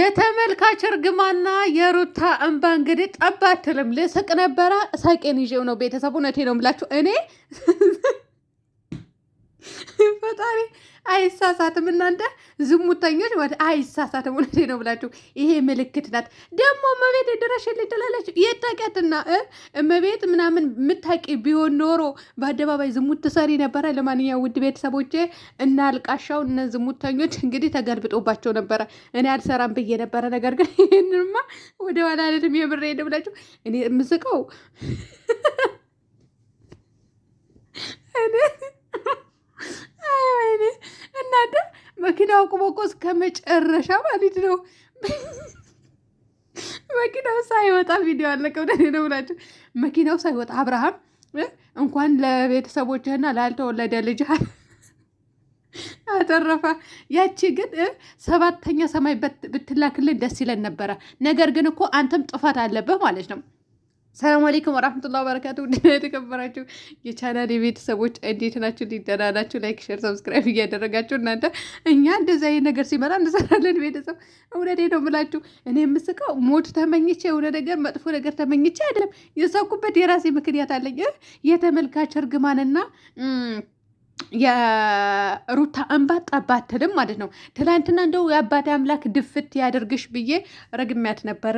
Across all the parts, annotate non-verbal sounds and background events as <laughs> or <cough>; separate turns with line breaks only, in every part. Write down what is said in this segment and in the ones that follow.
የተመልካች እርግማና የሩታ እንባ እንግዲህ ጠብ አትልም። ልስቅ ነበረ ሳቄን ይዤው ነው ቤተሰብ። እውነቴ ነው የምላችሁ እኔ <laughs> ፈጣሪ አይሳሳትም። እናንተ ዝሙተኞች ወደ አይሳሳትም። እውነቴ ነው ብላችሁ ይሄ ምልክት ናት። ደግሞ እመቤት ድረሽልኝ ትላለች። የጠቀትና እመቤት ምናምን ምታቂ ቢሆን ኖሮ በአደባባይ ዝሙት ትሰሪ ነበረ። ለማንኛውም ውድ ቤተሰቦቼ እና አልቃሻው እነ ዝሙተኞች እንግዲህ ተገልብጦባቸው ነበረ። እኔ አልሰራም ብዬ ነበረ። ነገር ግን ይህንማ ወደ ኋላ የምሬ የብሬ ሄደ ብላችሁ እኔ የምስቀው እኔ አይ ስናደ መኪናው አቁሞ እኮ እስከ መጨረሻ ማለት ነው። መኪናው ሳይወጣ ቪዲዮ አለቀ። እውነቴ ነው ብላችሁ መኪናው ሳይወጣ አብርሃም እንኳን ለቤተሰቦችህና ላልተወለደ ልጅህ አተረፋ። ያቺ ግን ሰባተኛ ሰማይ ብትላክልን ደስ ይለን ነበረ። ነገር ግን እኮ አንተም ጥፋት አለብህ ማለት ነው። ሰላም አለይኩም ወራህመቱላ ወበረካቱ። ውድና የተከበራችሁ የቻናል የቤተሰቦች እንዴት ናችሁ? ሊደና ላይክ፣ ሼር፣ ሰብስክራይብ እያደረጋችሁ እናንተ እኛ እንደዚ አይነት ነገር ሲመጣ እንሰራለን። ቤተሰብ እውነቴ ነው ብላችሁ እኔ የምስቀው ሞት ተመኝቼ የሆነ ነገር መጥፎ ነገር ተመኝቼ አይደለም። የሳኩበት የራሴ ምክንያት አለኝ። የተመልካች እርግማንና የሩታ እንባ ጠባትልም ማለት ነው። ትላንትና እንደው የአባቴ አምላክ ድፍት ያደርግሽ ብዬ ረግሚያት ነበር።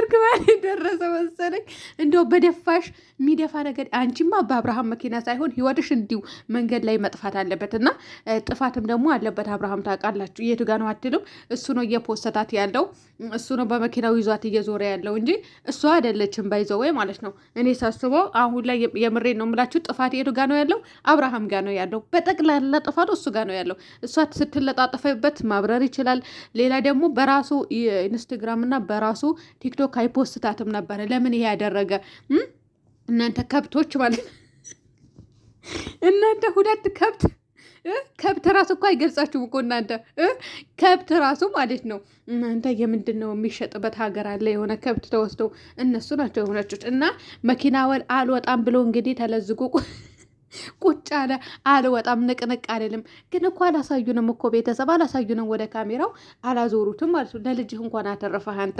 እርግማን የደረሰ መሰለኝ እንደው በደፋሽ የሚደፋ ነገር አንቺማ በአብርሃም መኪና ሳይሆን ህይወትሽ እንዲሁ መንገድ ላይ መጥፋት አለበት እና ጥፋትም ደግሞ አለበት። አብርሃም ታውቃላችሁ፣ የቱ ጋ ነው አትልም። እሱ ነው እየፖሰታት ያለው እሱ ነው በመኪናው ይዟት እየዞረ ያለው እንጂ እሷ አይደለችም። ባይዘው ወይ ማለት ነው። እኔ ሳስበው አሁን ላይ የምሬን ነው የምላችሁ፣ ጥፋት የቱ ጋ ነው ያለው? አብርሃም ጋ ነው ያለው። በጠቅላላ ጥፋቱ እሱ ጋ ነው ያለው። እሷ ስትለጣጠፈበት ማብረር ይችላል። ሌላ ደግሞ በራሱ ኢንስትግራም እና በራሱ ቲክቶክ አይፖስታትም ነበረ። ለምን ይሄ ያደረገ እናንተ ከብቶች ማለት እናንተ ሁለት ከብት ከብት ራሱ እኮ አይገልጻችሁም እኮ እናንተ ከብት ራሱ ማለት ነው። እናንተ የምንድን ነው የሚሸጥበት ሀገር አለ የሆነ ከብት ተወስደው እነሱ ናቸው የሆነችት እና መኪናወል አልወጣም ብሎ እንግዲህ ተለዝጎ ቁጭ አለ አልወጣም፣ ንቅንቅ አይደለም። ግን እኮ አላሳዩንም እኮ ቤተሰብ አላሳዩንም፣ ወደ ካሜራው አላዞሩትም ማለት ነው። ለልጅህ እንኳን አተረፈህ አንተ።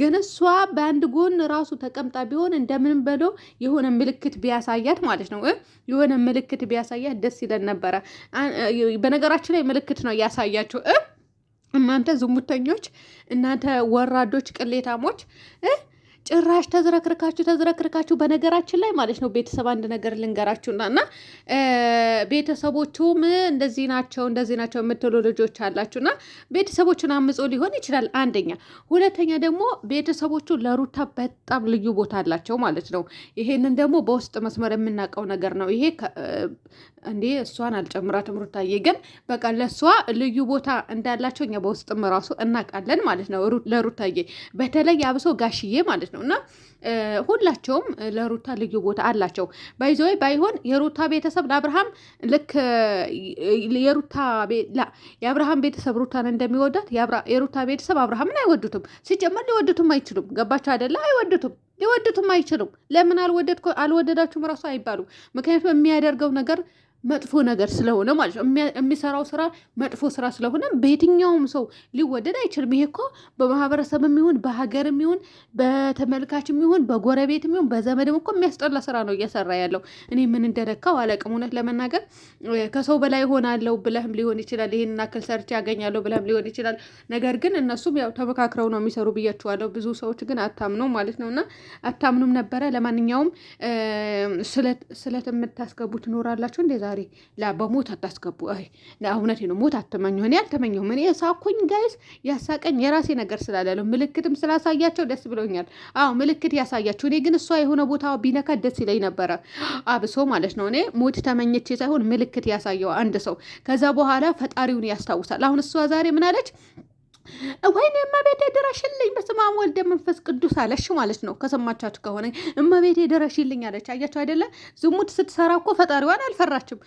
ግን እሷ በአንድ ጎን ራሱ ተቀምጣ ቢሆን እንደምንም በለው የሆነ ምልክት ቢያሳያት ማለት ነው፣ የሆነ ምልክት ቢያሳያት ደስ ይለን ነበረ። በነገራችን ላይ ምልክት ነው እያሳያችሁ እናንተ ዝሙተኞች፣ እናንተ ወራዶች፣ ቅሌታሞች ጭራሽ ተዝረክርካችሁ ተዝረክርካችሁ። በነገራችን ላይ ማለት ነው ቤተሰብ አንድ ነገር ልንገራችሁና እና ቤተሰቦቹም እንደዚህ ናቸው እንደዚህ ናቸው የምትሉ ልጆች አላችሁና ቤተሰቦቹን አምጾ ሊሆን ይችላል። አንደኛ፣ ሁለተኛ ደግሞ ቤተሰቦቹ ለሩታ በጣም ልዩ ቦታ አላቸው ማለት ነው። ይሄንን ደግሞ በውስጥ መስመር የምናውቀው ነገር ነው። ይሄ እንዴ እሷን አልጨምራትም። ሩታዬ ግን በቃ ለእሷ ልዩ ቦታ እንዳላቸው እኛ በውስጥም ራሱ እናውቃለን ማለት ነው። ለሩታዬ በተለይ አብሶ ጋሽዬ ማለት ነው ነው። እና ሁላቸውም ለሩታ ልዩ ቦታ አላቸው። ባይዘወይ ባይሆን የሩታ ቤተሰብ ለአብርሃም ልክ የሩታ የአብርሃም ቤተሰብ ሩታን እንደሚወዳት የሩታ ቤተሰብ አብርሃምን አይወዱትም። ሲጀመር ሊወዱትም አይችሉም። ገባቸው አይደለ? አይወዱትም ሊወዱትም አይችሉም። ለምን አልወደድኩ አልወደዳችሁም ራሱ አይባሉም። ምክንያቱም የሚያደርገው ነገር መጥፎ ነገር ስለሆነ ማለት ነው። የሚሰራው ስራ መጥፎ ስራ ስለሆነ በየትኛውም ሰው ሊወደድ አይችልም። ይሄ እኮ በማህበረሰብም ይሁን በሀገርም ይሁን በተመልካችም ይሁን በጎረቤትም ይሁን በዘመድም እኮ የሚያስጠላ ስራ ነው እየሰራ ያለው። እኔ ምን እንደነካው አላቅም። እውነት ለመናገር ከሰው በላይ ሆናለሁ ብለህም ሊሆን ይችላል። ይህን አክል ሰርች ያገኛለሁ ብለህም ሊሆን ይችላል። ነገር ግን እነሱም ያው ተመካክረው ነው የሚሰሩ ብያችኋለሁ። ብዙ ሰዎች ግን አታምኖ ማለት ነው እና አታምኑም ነበረ። ለማንኛውም ስለት ስለት የምታስገቡ ትኖራላችሁ እንደዛ ፈጣሪ በሞት አታስገቡ። እውነቴ ነው፣ ሞት አትመኘሁ። እኔ አልተመኘሁም። እኔ የሳኩኝ ጋይስ ያሳቀኝ የራሴ ነገር ስላለለሁ ምልክትም ስላሳያቸው ደስ ብሎኛል። አዎ ምልክት ያሳያቸው። እኔ ግን እሷ የሆነ ቦታ ቢነካ ደስ ይለኝ ነበረ፣ አብሶ ማለት ነው። እኔ ሞት ተመኝቼ ሳይሆን ምልክት ያሳየው አንድ ሰው ከዛ በኋላ ፈጣሪውን ያስታውሳል። አሁን እሷ ዛሬ ምን አለች? ወይኔ እማቤቴ ድረሽልኝ በማም ወልደ መንፈስ ቅዱስ አለሽ ማለት ነው። ከሰማቻችሁ ከሆነ እመቤቴ ደረሽልኝ አለች። አያቸው አይደለ? ዝሙት ስትሰራ እኮ ፈጣሪዋን አልፈራችም።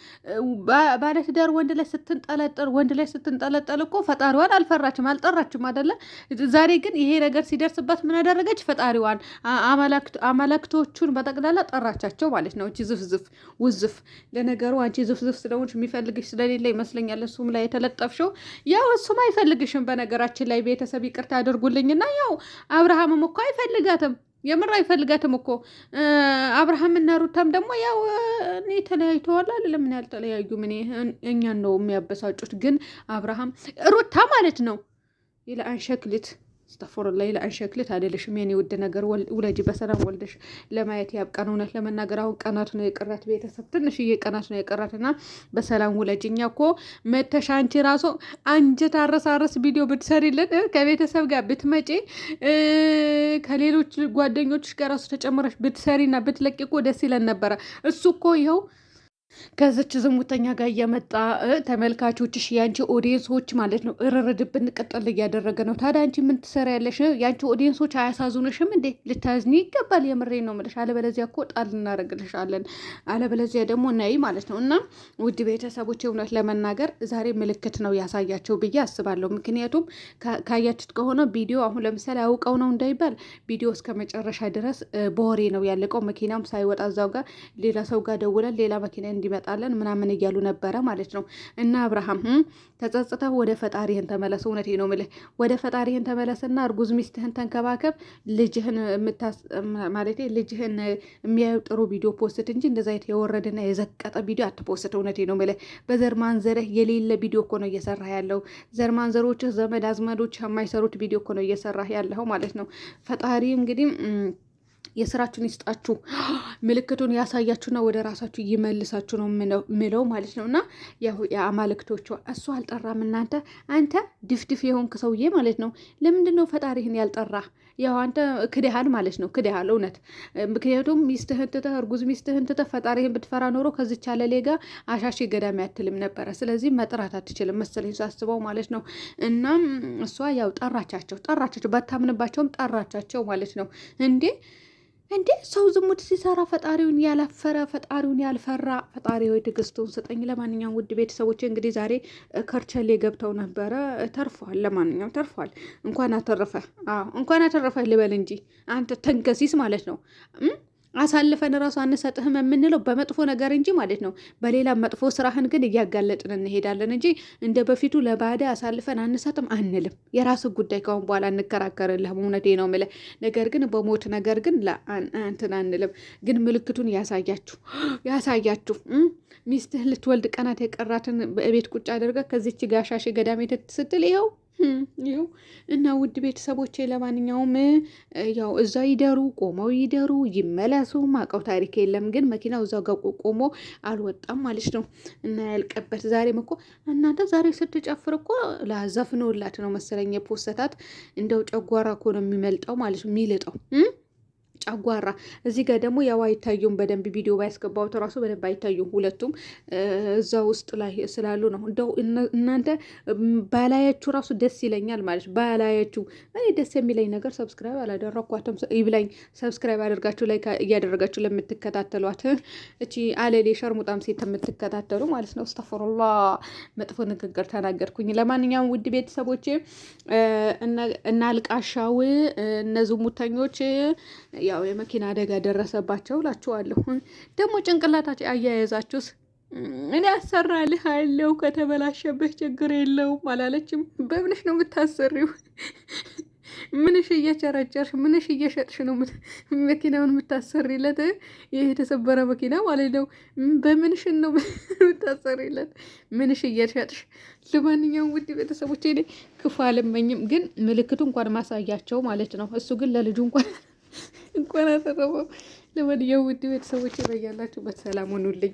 ባለትዳር ወንድ ላይ ስትንጠለጠል ወንድ ላይ ስትንጠለጠል እኮ ፈጣሪዋን አልፈራችም፣ አልጠራችም አይደለ? ዛሬ ግን ይሄ ነገር ሲደርስበት ምን አደረገች? ፈጣሪዋን አመላክቶቹን በጠቅላላ ጠራቻቸው ማለት ነው። እቺ ዝፍዝፍ ውዝፍ። ለነገሩ አንቺ ዝፍዝፍ ስለሆንሽ የሚፈልግሽ ስለሌለ ይመስለኛል እሱም ላይ የተለጠፍሽው። ያው እሱም አይፈልግሽም። በነገራችን ላይ ቤተሰብ ይቅርታ ያደርጉልኝና ያው አብርሃምም እኮ አይፈልጋትም። የምር አይፈልጋትም እኮ አብርሃምና ሩታም ደግሞ ያው እኔ ተለያይተዋል አይደለም ምን ያልተለያዩ ምን እኛን ነው የሚያበሳጩት። ግን አብርሃም ሩታ ማለት ነው ይለ አስተፍሩላህ ለአንቺ ሸክልት አይደለሽም የኔ ውድ ነገር። ውለጂ በሰላም ወልደሽ ለማየት ያብቃን። እውነት ለመናገር አሁን ቀናት ነው የቀራት፣ ቤተሰብ ትንሽዬ ቀናት ነው የቀራት እና በሰላም ውለጂ። እኛ እኮ መተሽ አንቺ ራሱ አንጀት አረስ ቪዲዮ ብትሰሪልን ከቤተሰብ ጋር ብትመጪ ከሌሎች ጓደኞች ጋር ራሱ ተጨምረሽ ብትሰሪና ብትለቂ እኮ ደስ ይለን ነበረ። እሱ እኮ ይኸው ከዚች ዝሙተኛ ጋር እየመጣ ተመልካቾችሽ የአንቺ ኦዲየንሶች ማለት ነው እርርድብን ቅጥል እያደረገ ነው። ታዲያ አንቺ ምን ትሰሪያለሽ? የአንቺ ኦዲየንሶች አያሳዝኑሽም እንዴ? ልታዝኒ ይገባል። የምሬ ነው የምልሽ። አለበለዚያ እኮ ጣል እናደርግልሻለን። አለበለዚያ ደግሞ ነይ ማለት ነው። እና ውድ ቤተሰቦች እውነት ለመናገር ዛሬ ምልክት ነው ያሳያቸው ብዬ አስባለሁ። ምክንያቱም ካያችት ከሆነ ቪዲዮ አሁን ለምሳሌ አውቀው ነው እንዳይባል ቪዲዮ እስከ መጨረሻ ድረስ በወሬ ነው ያለቀው። መኪናም ሳይወጣ እዛው ጋር ሌላ ሰው ጋር ደውላል ሌላ መኪና እንዲመጣለን ምናምን እያሉ ነበረ ማለት ነው። እና አብርሃም ተጸጽተህ ወደ ፈጣሪህን ተመለስ። እውነቴ ነው ምልህ ወደ ፈጣሪህን ተመለስና እርጉዝ ሚስትህን ተንከባከብ። ልጅህን ማለት ልጅህን የሚያዩ ጥሩ ቪዲዮ ፖስት እንጂ እንደዛ አይነት የወረደና የዘቀጠ ቪዲዮ አትፖስት። እውነቴ ነው ምልህ በዘር ማንዘርህ የሌለ ቪዲዮ እኮ ነው እየሰራ ያለው። ዘር ማንዘሮችህ ዘመድ አዝመዶች የማይሰሩት ቪዲዮ እኮ ነው እየሰራ ያለው ማለት ነው። ፈጣሪ እንግዲህ የስራችሁን ይስጣችሁ፣ ምልክቱን ያሳያችሁና ወደ ራሳችሁ ይመልሳችሁ ነው ምለው ማለት ነው። እና የአማልክቶቿ እሱ አልጠራም እናንተ አንተ ድፍድፍ የሆንክ ሰውዬ ማለት ነው። ለምንድን ነው ፈጣሪህን ያልጠራ? ያው አንተ ማለት ነው፣ ክድሃል እውነት። ምክንያቱም ሚስትህን ትተህ እርጉዝ ሚስትህን ትተህ ፈጣሪህን ብትፈራ ኖሮ ከዚች አለሌ ጋር አሻሽ ገዳሚ አትልም ነበረ። ስለዚህ መጥራት አትችልም መሰለኝ ሳስበው ማለት ነው። እና እሷ ያው ጠራቻቸው ጠራቻቸው፣ በታምንባቸውም ጠራቻቸው ማለት ነው እንዴ እንዴ ሰው ዝሙት ሲሰራ ፈጣሪውን ያላፈረ ፈጣሪውን ያልፈራ ፈጣሪ ወይ ትዕግስቱን ስጠኝ። ለማንኛውም ውድ ቤተሰቦች እንግዲህ ዛሬ ከርቸሌ ገብተው ነበረ፣ ተርፏል። ለማንኛውም ተርፏል። እንኳን አተረፈ፣ እንኳን አተረፈ ልበል እንጂ አንተ ተንከሲስ ማለት ነው። አሳልፈን ራሱ አንሰጥህም የምንለው በመጥፎ ነገር እንጂ ማለት ነው። በሌላ መጥፎ ስራህን ግን እያጋለጥን እንሄዳለን እንጂ እንደ በፊቱ ለባዳ አሳልፈን አንሰጥም አንልም። የራስ ጉዳይ ከአሁን በኋላ እንከራከርልህም። እውነቴ ነው የምልህ ነገር ግን በሞት ነገር ግን እንትን አንልም። ግን ምልክቱን ያሳያችሁ ያሳያችሁ ሚስትህ ልትወልድ ቀናት የቀራትን ቤት ቁጭ አድርገህ ከዚች ጋሻሽ ገዳሜ ስትል ይኸው <laughs> ይኸው እና ውድ ቤተሰቦቼ ለማንኛውም ያው እዛ ይደሩ፣ ቆመው ይደሩ፣ ይመለሱ። ማቀው ታሪክ የለም ግን መኪናው እዛው ጋር ቆሞ አልወጣም ማለት ነው እና ያልቀበት ዛሬም እኮ እናንተ ዛሬ ስትጨፍር እኮ ለዘፍኖላት ነው መሰለኝ የፖሰታት እንደው ጨጓራ እኮ ነው የሚመልጠው ማለት ነው የሚልጠው ጨጓራ። እዚህ ጋር ደግሞ ያው አይታዩም በደንብ ቪዲዮ ባያስገባሁት ራሱ በደንብ አይታዩም። ሁለቱም እዛ ውስጥ ላይ ስላሉ ነው። እንደው እናንተ ባላያችሁ ራሱ ደስ ይለኛል ማለት ባላያችሁ። እኔ ደስ የሚለኝ ነገር ሰብስክራይብ አላደረኳትም ይብላኝ። ሰብስክራይብ አድርጋችሁ ላይ እያደረጋችሁ ለምትከታተሏት <laughs> እቺ አለሌ ሸርሙጣም ሴት የምትከታተሉ ማለት ነው። እስተፈሩላ መጥፎ ንግግር ተናገርኩኝ። ለማንኛውም ውድ ቤተሰቦች እና አልቃሻው ሙተኞች ያው ያው የመኪና አደጋ ደረሰባቸው እላችኋለሁ። ደግሞ ጭንቅላታቸው አያያዛችሁስ እኔ አሰራልህ አለው ከተበላሸበህ ችግር የለውም አላለችም። በምንሽ ነው የምታሰሪው? ምንሽ እየቸረጨርሽ ምንሽ እየሸጥሽ ነው መኪናውን የምታሰሪለት? ይህ የተሰበረ መኪና ማለት ነው። በምንሽ ነው የምታሰሪለት? ምንሽ እየሸጥሽ። ለማንኛውም ውድ ቤተሰቦች እኔ ክፉ አልመኝም፣ ግን ምልክቱ እንኳን ማሳያቸው ማለት ነው። እሱ ግን ለልጁ እንኳን እንኳን አተረፈው። ለማንኛውም ውድ ቤተሰቦች በያላችሁበት ሰላም ሆኑልኝ።